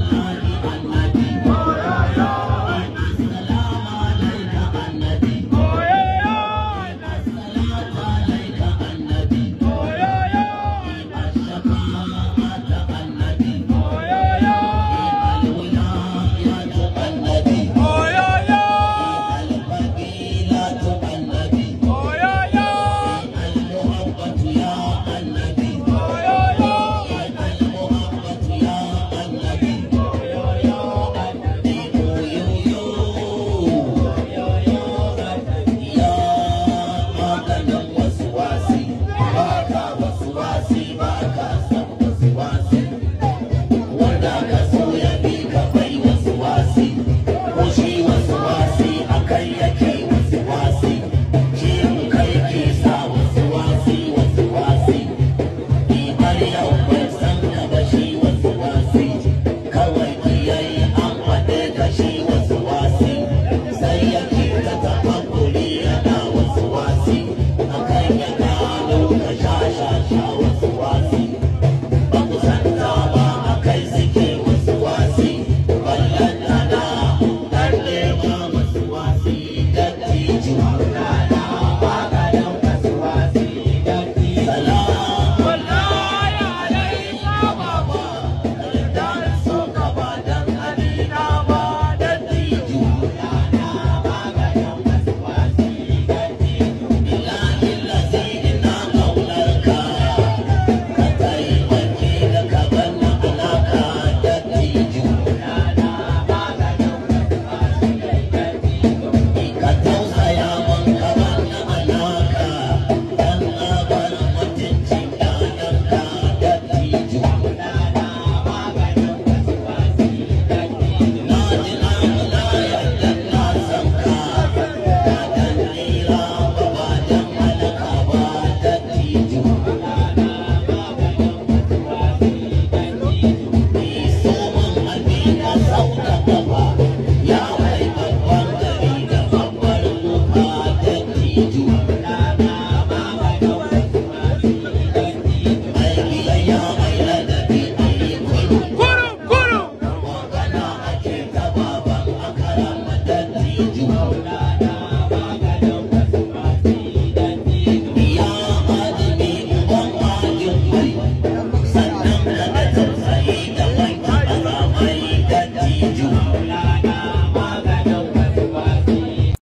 Lord.